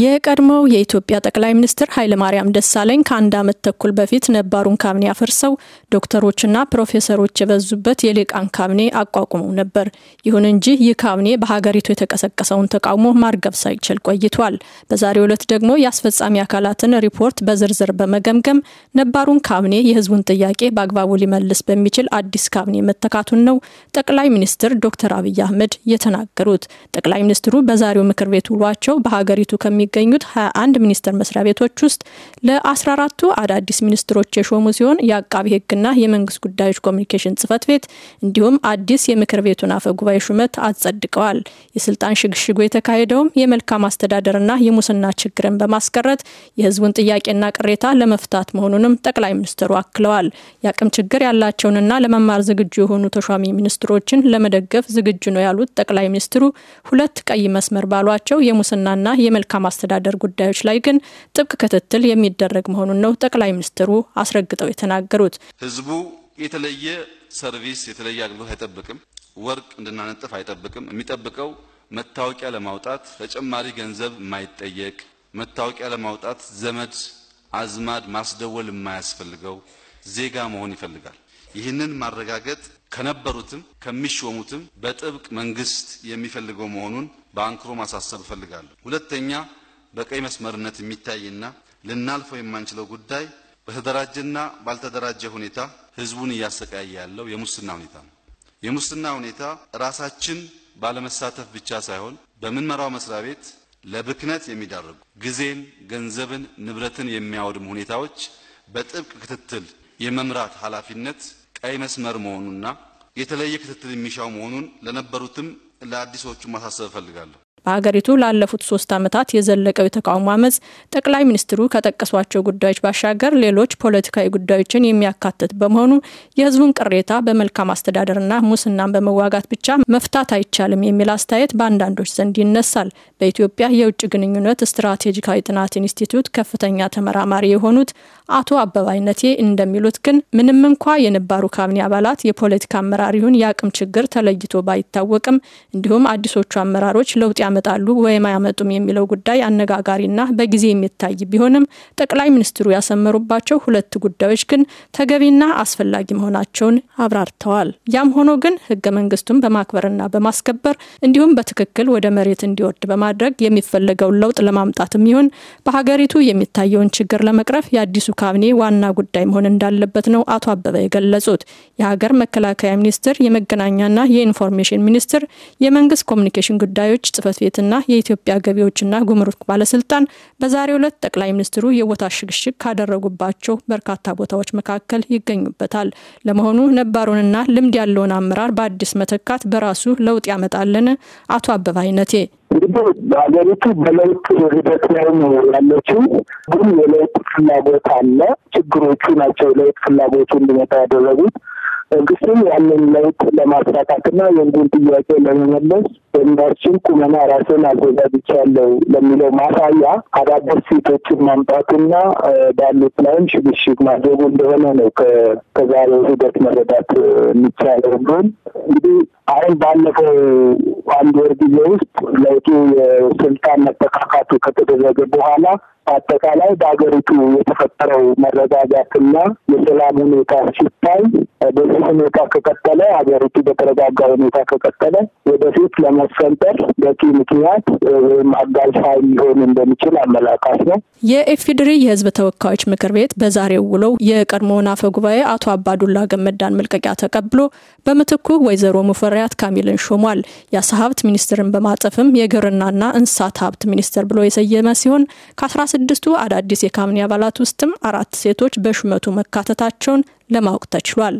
የቀድሞው የኢትዮጵያ ጠቅላይ ሚኒስትር ኃይለማርያም ደሳለኝ ከአንድ ዓመት ተኩል በፊት ነባሩን ካቢኔ አፈርሰው ዶክተሮችና ፕሮፌሰሮች የበዙበት የልቃን ካቢኔ አቋቁመው ነበር። ይሁን እንጂ ይህ ካቢኔ በሀገሪቱ የተቀሰቀሰውን ተቃውሞ ማርገብ ሳይችል ቆይቷል። በዛሬው ዕለት ደግሞ የአስፈጻሚ አካላትን ሪፖርት በዝርዝር በመገምገም ነባሩን ካቢኔ የህዝቡን ጥያቄ በአግባቡ ሊመልስ በሚችል አዲስ ካቢኔ መተካቱን ነው ጠቅላይ ሚኒስትር ዶክተር አብይ አህመድ የተናገሩት። ጠቅላይ ሚኒስትሩ በዛሬው ምክር ቤት ውሏቸው በሀገሪቱ ከሚ ከሚገኙት 21 ሚኒስቴር መስሪያ ቤቶች ውስጥ ለ14ቱ አዳዲስ ሚኒስትሮች የሾሙ ሲሆን የአቃቢ ሕግና የመንግስት ጉዳዮች ኮሚኒኬሽን ጽህፈት ቤት እንዲሁም አዲስ የምክር ቤቱን አፈ ጉባኤ ሹመት አጸድቀዋል። የስልጣን ሽግሽጉ የተካሄደውም የመልካም አስተዳደርና የሙስና ችግርን በማስቀረት የህዝቡን ጥያቄና ቅሬታ ለመፍታት መሆኑንም ጠቅላይ ሚኒስትሩ አክለዋል። የአቅም ችግር ያላቸውንና ለመማር ዝግጁ የሆኑ ተሿሚ ሚኒስትሮችን ለመደገፍ ዝግጁ ነው ያሉት ጠቅላይ ሚኒስትሩ ሁለት ቀይ መስመር ባሏቸው የሙስናና የመልካም አስተዳደር ጉዳዮች ላይ ግን ጥብቅ ክትትል የሚደረግ መሆኑን ነው ጠቅላይ ሚኒስትሩ አስረግጠው የተናገሩት። ህዝቡ የተለየ ሰርቪስ፣ የተለየ አገልግሎት አይጠብቅም። ወርቅ እንድናነጥፍ አይጠብቅም። የሚጠብቀው መታወቂያ ለማውጣት ተጨማሪ ገንዘብ የማይጠየቅ መታወቂያ ለማውጣት ዘመድ አዝማድ ማስደወል የማያስፈልገው ዜጋ መሆን ይፈልጋል። ይህንን ማረጋገጥ ከነበሩትም ከሚሾሙትም በጥብቅ መንግስት የሚፈልገው መሆኑን በአንክሮ ማሳሰብ እፈልጋለሁ። ሁለተኛ በቀይ መስመርነት የሚታይና ልናልፈው የማንችለው ጉዳይ በተደራጀና ባልተደራጀ ሁኔታ ህዝቡን እያሰቃየ ያለው የሙስና ሁኔታ ነው። የሙስና ሁኔታ ራሳችን ባለመሳተፍ ብቻ ሳይሆን በምንመራው መስሪያ ቤት ለብክነት የሚዳርጉ ጊዜን፣ ገንዘብን፣ ንብረትን የሚያወድሙ ሁኔታዎች በጥብቅ ክትትል የመምራት ኃላፊነት ቀይ መስመር መሆኑና የተለየ ክትትል የሚሻው መሆኑን ለነበሩትም ለአዲሶቹ ማሳሰብ እፈልጋለሁ። በሀገሪቱ ላለፉት ሶስት ዓመታት የዘለቀው የተቃውሞ አመፅ ጠቅላይ ሚኒስትሩ ከጠቀሷቸው ጉዳዮች ባሻገር ሌሎች ፖለቲካዊ ጉዳዮችን የሚያካትት በመሆኑ የህዝቡን ቅሬታ በመልካም አስተዳደርና ሙስናን በመዋጋት ብቻ መፍታት አይቻልም የሚል አስተያየት በአንዳንዶች ዘንድ ይነሳል። በኢትዮጵያ የውጭ ግንኙነት ስትራቴጂካዊ ጥናት ኢንስቲትዩት ከፍተኛ ተመራማሪ የሆኑት አቶ አበባይነቴ እንደሚሉት ግን ምንም እንኳ የነባሩ ካቢኔ አባላት የፖለቲካ አመራር ይሁን የአቅም ችግር ተለይቶ ባይታወቅም እንዲሁም አዲሶቹ አመራሮች ለውጥ ያመጣሉ ወይም አያመጡም የሚለው ጉዳይ አነጋጋሪና በጊዜ የሚታይ ቢሆንም ጠቅላይ ሚኒስትሩ ያሰመሩባቸው ሁለት ጉዳዮች ግን ተገቢና አስፈላጊ መሆናቸውን አብራርተዋል። ያም ሆኖ ግን ህገ መንግስቱን በማክበርና በማስከበር እንዲሁም በትክክል ወደ መሬት እንዲወርድ በማድረግ የሚፈለገውን ለውጥ ለማምጣትም ይሁን በሀገሪቱ የሚታየውን ችግር ለመቅረፍ የአዲሱ ካቢኔ ዋና ጉዳይ መሆን እንዳለበት ነው አቶ አበበ የገለጹት። የሀገር መከላከያ ሚኒስትር፣ የመገናኛና የኢንፎርሜሽን ሚኒስትር፣ የመንግስት ኮሚኒኬሽን ጉዳዮች ጽህፈት ቤትና የኢትዮጵያ ገቢዎችና ጉምሩክ ባለስልጣን በዛሬው ዕለት ጠቅላይ ሚኒስትሩ የቦታ ሽግሽግ ካደረጉባቸው በርካታ ቦታዎች መካከል ይገኙበታል። ለመሆኑ ነባሩንና ልምድ ያለውን አመራር በአዲስ መተካት በራሱ ለውጥ ያመጣልን? አቶ አበባ አይነቴ እንግዲህ በሀገሪቱ በለውጥ ሂደት ላይ ነው ያለችው። ግን የለውጥ ፍላጎት አለ። ችግሮቹ ናቸው ለውጥ ፍላጎቱ እንዲመጣ ያደረጉት። መንግስትም ያንን ለውጥ ለማሳካትና የህዝቡን ጥያቄ ለመመለስ በሚያስችል ቁመና ራስን አዘጋጅቻለሁ ለሚለው ማሳያ አዳዲስ ሴቶችን ማምጣትና ባሉት ላይም ሽግሽግ ማድረጉ እንደሆነ ነው ከዛሬው ሂደት መረዳት የሚቻለው። ግን እንግዲህ አሁን ባለፈው አንድ ወር ጊዜ ውስጥ ለውጡ የስልጣን መጠቃቃቱ ከተደረገ በኋላ አጠቃላይ በሀገሪቱ የተፈጠረው መረጋጋትና የሰላም ሁኔታ ሲታይ በዚህ ሁኔታ ከቀጠለ ሀገሪቱ በተረጋጋ ሁኔታ ከቀጠለ ወደፊት ለመሰንጠር በቂ ምክንያት ወይም አጋዥ ኃይል ሊሆን እንደሚችል አመላካት ነው። የኤፌዴሪ የህዝብ ተወካዮች ምክር ቤት በዛሬው ውለው የቀድሞውን አፈ ጉባኤ አቶ አባዱላ ገመዳን መልቀቂያ ተቀብሎ በምትኩ ወይዘሮ ሙፈሪያት ካሚልን ሾሟል። የአሳ ሀብት ሚኒስትርን በማጠፍም የግብርናና እንስሳት ሀብት ሚኒስትር ብሎ የሰየመ ሲሆን ከአስራ ስድስቱ አዳዲስ የካቢኔ አባላት ውስጥም አራት ሴቶች በሹመቱ መካተታቸውን ለማወቅ ተችሏል።